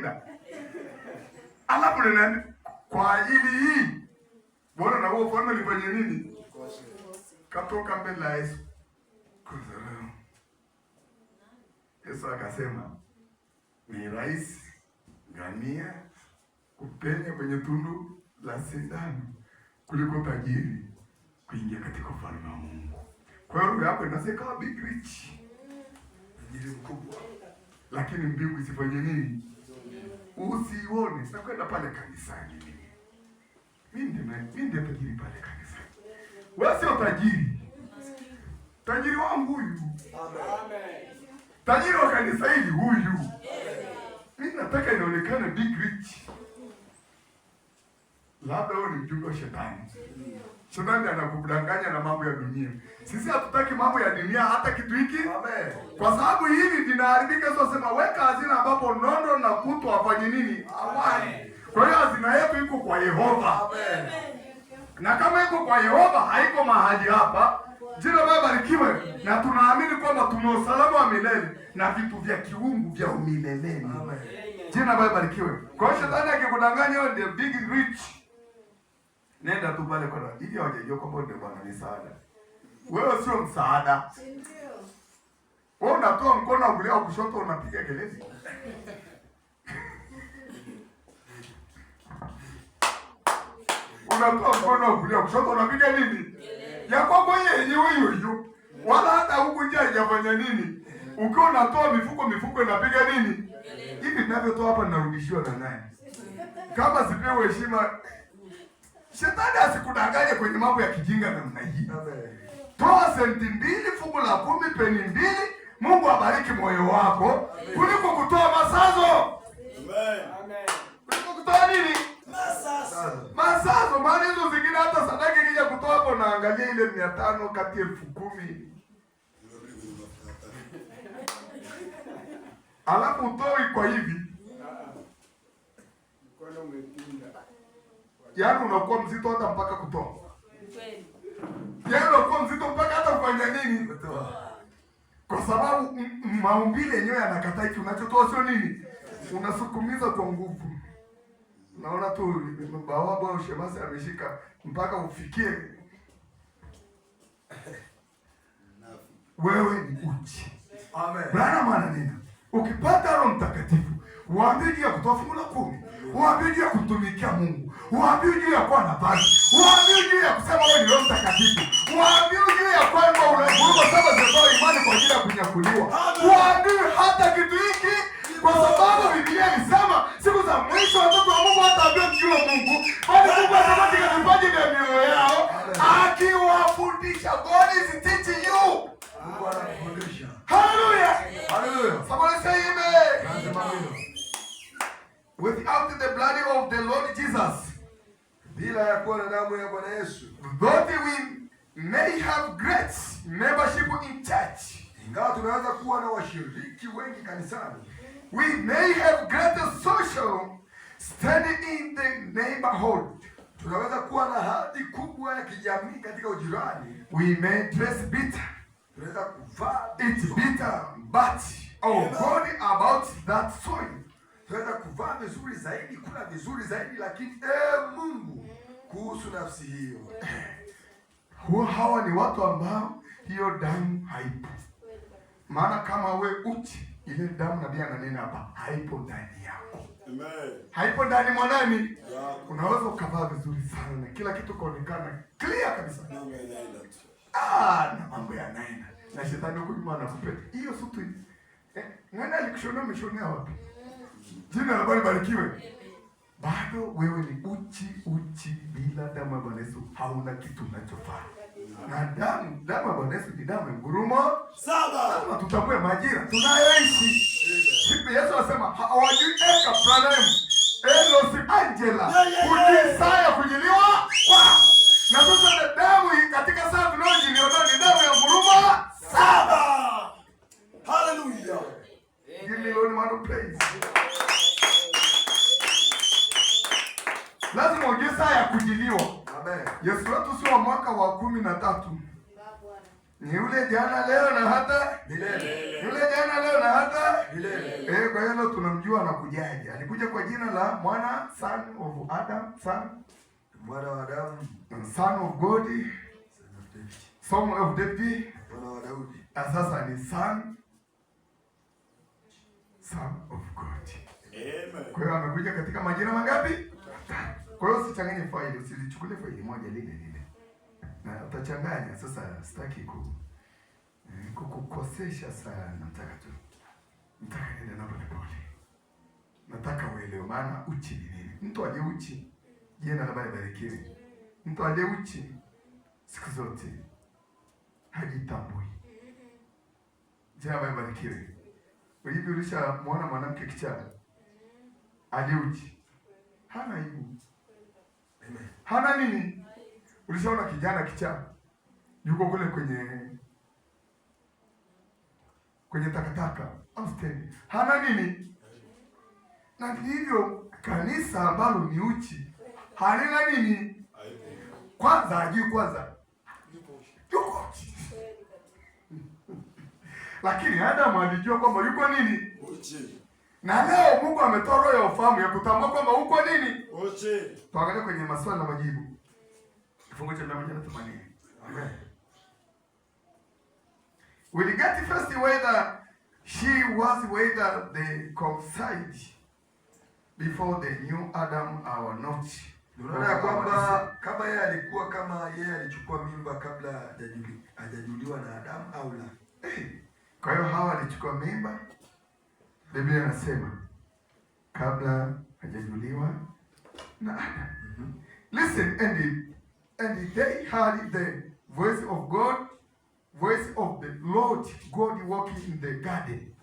linashinda, alafu lina kwa ajili hii bora na wao falme ni kwenye nini? Katoka mbele ya Yesu. Yesu akasema ni rahisi ngamia kupenya kwenye tundu la sindano kuliko tajiri kuingia katika ufalme wa Mungu. Kwa hiyo roho yako inasema big rich, tajiri mkubwa, lakini mbingu isifanye nini? usione. Sitakwenda pale kanisani mimi, ndiye tajiri pale kanisani, wewe sio tajiri. Tajiri wangu huyu, tajiri wa kanisa hili huyu. Mimi nataka inaonekana big rich labda wewe ni mjumbe wa shetani. Shetani anakudanganya na mambo ya dunia. Sisi hatutaki mambo ya dunia hata kitu hiki, kwa sababu hivi vinaharibika. Sio sema weka hazina ambapo nondo na kutu afanye nini awali. Kwa hiyo hazina yetu iko kwa Yehova, na kama iko kwa Yehova haiko mahali hapa. Jina Baba barikiwe, na tunaamini kwamba tuna usalama wa milele na vitu vya kiungu vya umileleni. Jina Baba barikiwe. Kwa hiyo shetani akikudanganya, ndio big rich Nenda tu pale kwa ajili ya wajajua kwamba ndio Bwana ni msaada. Wewe sio msaada. Ndio. Wewe unatoa mkono wa kulia kushoto unapiga kelele. Unatoa mkono wa kulia kushoto unapiga nini? Ya kwako yenyewe hiyo hiyo. Wala hata huku nje hajafanya nini? Ukiwa unatoa mifuko mifuko inapiga nini? Hivi ninavyotoa hapa ninarudishiwa na nani? Kama sipewe heshima Shetani asikudanganye kwenye mambo ya kijinga namna hii. Toa senti mbili, fungu la kumi, peni mbili, Mungu abariki moyo wako kuliko kutoa masazo, kuliko kutoa nini masazo. Maana hizo zingine hata sadaka ikija kutoa hapo, naangalia ile mia tano kati ya elfu kumi alafu utoi kwa hivi ah, ah yaani unakuwa mzito hata mpaka kutoa, yaani unakuwa mzito mpaka hata kufanya nini, kwa sababu maumbile yenyewe yanakataa hiki unachotoa, sio nini, unasukumiza kwa nguvu. Naona tu bawaba au shemasi ameshika mpaka ufikie wewe ni uchi. Amen. Bwana maana nini? Ukipata Roho Mtakatifu waambie ya kutoa fungu la kumi Uambiwe juu ya kutumikia Mungu, uambiwe juu ya kuwa na basi, juu ya kusema wewe ni Roho Mtakatifu, uambiwe juu ya kwamba unavuruga saba imani kwa ajili ya kunyakuliwa, uambiwe hata kitu hiki, kwa sababu Biblia inasema siku za mwisho watoto wa Mungu hataambiwa mjue Mungu, bali Mungu atakuwa vipaji vya mioyo yao, akiwafundisha God is teaching you have great membership in church, ingawa tunaweza kuwa na washiriki wengi kanisani, we may have great social standing in the neighborhood, tunaweza kuwa na hadhi kubwa ya kijamii katika ujirani, we may dress bitter, tunaweza kuvaa bitter, but oh God about that soil tunaweza kuvaa vizuri zaidi, kula vizuri zaidi, lakini eh, Mungu kuhusu nafsi hiyo huwa hawa ni watu ambao hiyo damu haipo. Maana kama we uti ile damu nabii ananena hapa haipo ndani yako, Amen. haipo ndani mwa mwanani. Unaweza ukavaa vizuri sana na kila kitu kaonekana clear kabisa, ah, na mambo ya naina. na shetani huko nyuma anakupeta hiyo suti. Eh, nani alikushonea? Umeshonea wapi? Jina la Bwana barikiwe. Bado wewe ni uchi, uchi bila damu ya Bwana Yesu, hauna kitu unachofanya na damu damu ya Bwana Yesu ni damu ya ngurumo saba. Lazima tutambue majira tunayoishi. Siku Yesu anasema hawajui eka Abrahamu Elosi Angela kujisaya kujiliwa kwa na sasa damu katika saa tunayojiliondoa ni damu ya ngurumo saba. Haleluya, give me Lord man praise. Lazima ujisaya kujiliwa Eh, Yesu wetu si wa mwaka wa kumi na tatu ni yule jana leo na hata milele, yule jana leo na hata milele. Eh, kwa hiyo tunamjua na kujaji. Alikuja kwa jina la mwana, son of Adam, son mwana wa Adamu, son of God, son of David, mwana wa Daudi, na sasa ni son, son of God. Amen. Kwa hiyo amekuja katika majina mangapi? Matatu. Kwa hiyo usichanganye faili, usilichukulie faili moja lile lile. Na utachanganya sasa, sitaki ku eh, kukukosesha sana, nataka tu nataka nenda na pole Nataka uelewe maana uchi ni nini. Mtu aje uchi, jina na Baba barikiwe. Mtu aje uchi siku zote hajitambui. Jina la Baba barikiwe. Ulivyolisha muona mwanamke kichaa aje uchi hana aibu hana nini. Ulishaona kijana kichaa yuko kule kwenye kwenye takataka stendi, hana nini. Na hivyo kanisa ambalo ni uchi halina nini, kwanza hajui kwanza yuko uchi lakini Adamu alijua kwamba yuko nini uchi. Na leo Mungu ametoa roho ya ufahamu ya kutambua kwamba uko nini? Oche. Tuangalie kwenye maswali na majibu. Kifungu cha 180. Amen. We get first whether she was whether the coincide before the new Adam or not. Unaona ya kwamba kama yeye alikuwa kama yeye alichukua mimba kabla hajajuliwa na Adamu au la. Kwa hiyo hawa alichukua mimba Biblia inasema kabla hajajuliwa na Adam. Mm -hmm. Listen and and they heard the voice of God, voice of the Lord God walking in the garden.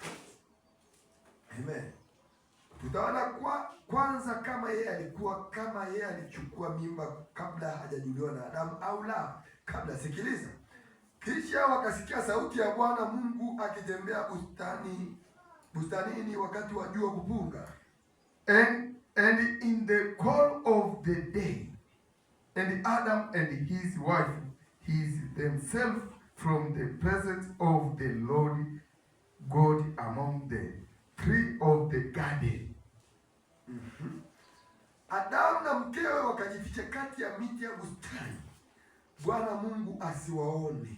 Amen. Tutaona kwa kwanza kama yeye alikuwa kama yeye alichukua mimba kabla hajajuliwa na Adamu au la. Kabla sikiliza. Kisha wakasikia sauti ya Bwana Mungu akitembea bustani bustanini wakati wa jua kupunga, and and in the cool of the day and Adam and his wife hid themselves from the presence of the Lord God among the tree of the garden. Mm-hmm. Adamu na mkewe wakajificha kati ya miti ya bustani, Bwana Mungu asiwaone.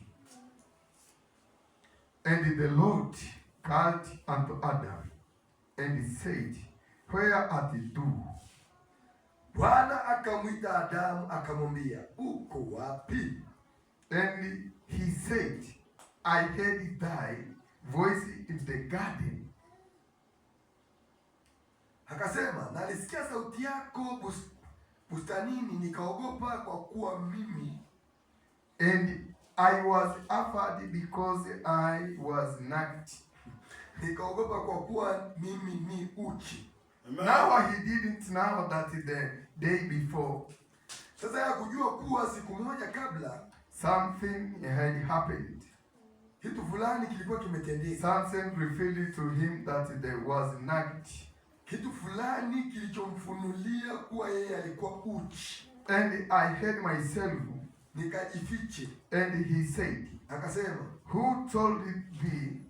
And the Lord God unto Adam and said, Where art thou? Bwana akamwita Adamu akamwambia, uko wapi? And he said, I heard thy voice in the garden. Akasema, nalisikia sauti yako bustanini, nikaogopa kwa kuwa mimi. And I was afraid because I was naked nikaogopa kwa kuwa mimi ni uchi. Amen. Now he didn't know that the day before. Sasa kujua kuwa siku moja kabla something had happened. Kitu fulani kilikuwa kimetendeka. Something revealed to him that there was night. Kitu fulani kilichomfunulia kuwa yeye alikuwa uchi. And I hid myself. Nikajifiche. And he said, akasema, who told thee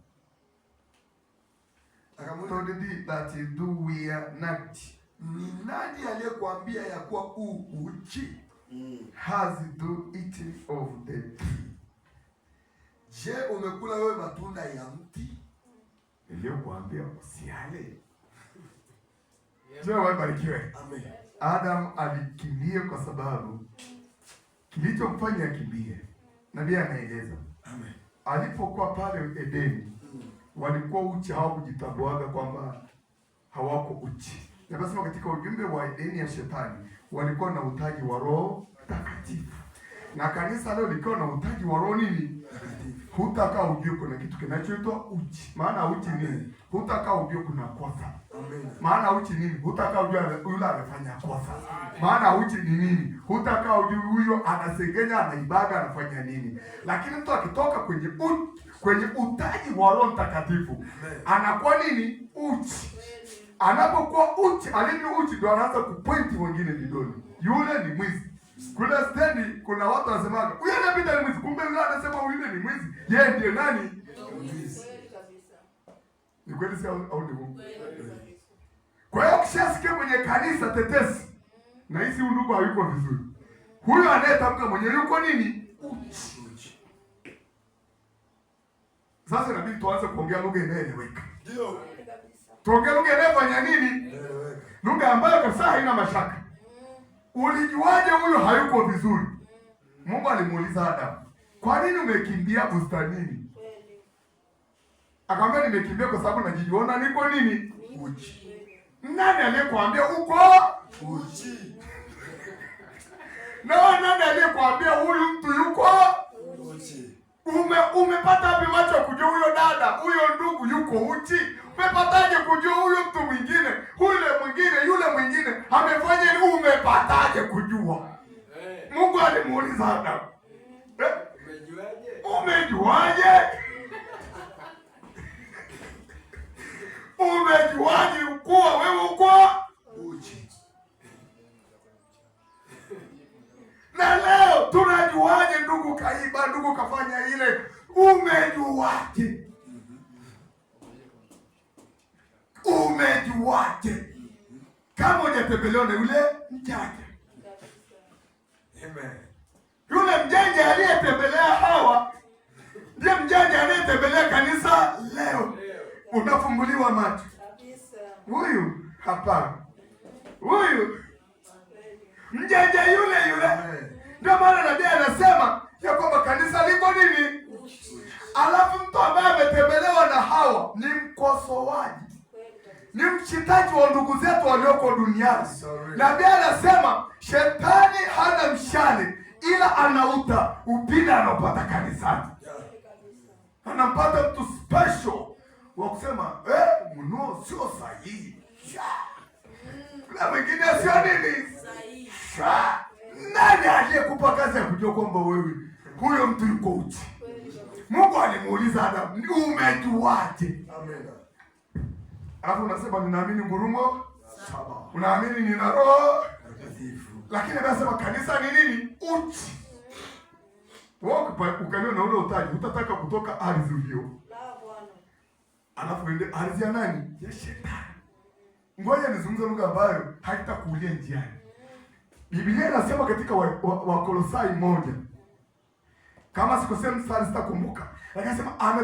Akamuuliza that do we are not. Ni nani aliyekwambia ya kuwa huu uchi mm. has do eating of the tree? Je, umekula wewe matunda ya mti iliyokuambia usiale? Je, wabarikiwe. Amen. Adam alikimbia kwa sababu kilichomfanya akimbie, nabii anaeleza alipokuwa pale Edeni walikuwa uchi, hawakujitambuaga kwamba hawako uchi. Nikasema katika ujumbe wa Edeni ya shetani walikuwa na utaji wa Roho Takatifu, na kanisa leo likiwa na utaji wa Roho nini takatifu, hutakaa ujue kuna kitu kinachoitwa uchi. Maana uchi nini? Hutakaa ujue kuna kosa. Maana uchi nini? Hutakaa ujue yule amefanya kosa. Maana uchi ni nini? Hutakaa ujue huyo anasengenya, anaibaga, anafanya nini. Lakini mtu akitoka kwenye uchi kwenye utaji wa Roho Mtakatifu anakuwa nini? Uchi. Anapokuwa uchi, alivyo uchi ndo anaanza kupointi wengine vidoni, yule ni mwizi. Kuna stendi, kuna watu wanasemaga huyo anapita ni mwizi, kumbe yule anasema yule ni mwizi. Yeye ndiye nani? Mwizi. Ni kweli au ni Mungu? Kwa hiyo ukishasikia kwenye kanisa tetesi na hisi undugu hayuko vizuri, huyo anayetamka mwenyewe yuko nini? Uchi. Sasa inabidi tuanze kuongea lugha inayoeleweka. Ndio. Tuongee lugha inayofanya nini? Lugha ambayo kabisa haina mashaka. Mm. Ulijuaje huyu hayuko vizuri? Mm. Mungu alimuuliza Adamu, "Kwa nini umekimbia bustanini?" Akamwambia, "Nimekimbia kwa sababu najijuona niko nini? Uchi." Nani aliyekwambia uko uchi? Na nani aliyekwambia huyu mtu yuko uchi? Ume, umepata wapi macho ya kujua huyo dada huyo ndugu yuko uchi? Umepataje kujua huyo mtu mwingine yule mwingine yule mwingine amefanya nini? Umepataje kujua? Eh. Mungu alimuuliza Adamu, eh? Umejuaje? Umejuaje kuwa wewe uko uchi? na tunajuaje ndugu kaiba, ndugu kafanya ile? Umejuaje? Umejuaje kama hujatembelewa na yule mjanja? Amen. Yule mjanja aliyetembelea hawa ndiye mjanja aliyetembelea kanisa leo. Unafunguliwa macho. Huyu hapana, huyu mjanja yule yule ndio maana nabii anasema ya kwamba kanisa liko nini? Alafu mtu ambaye ametembelewa na hawa ni mkosoaji, ni mchitaji wa ndugu zetu walioko duniani. Nabii anasema shetani hana mshale, ila anauta upinda anaopata kanisani, anampata mtu special wa kusema eh, mno sio sahihi, la mwingine sio nini sahihi nani aliyekupa kazi ya kujua kwamba wewe huyo mtu yuko uchi? Mungu alimuuliza Adamu, umejuaje? Amen. Alafu unasema ninaamini ngurumo saba, unaamini nina roho Mtakatifu, lakini anasema kanisa ni nini? Uchi. Wewe ukaliwa na ule utaji, utataka kutoka ardhi hiyo, alafu ende ardhi ya nani? Ya shetani. Ngoja nizungumze lugha ambayo haitakuulia njiani Biblia inasema katika Wakolosai wa, wa moja, kama sikosea mstari sitakumbuka, lakini anasema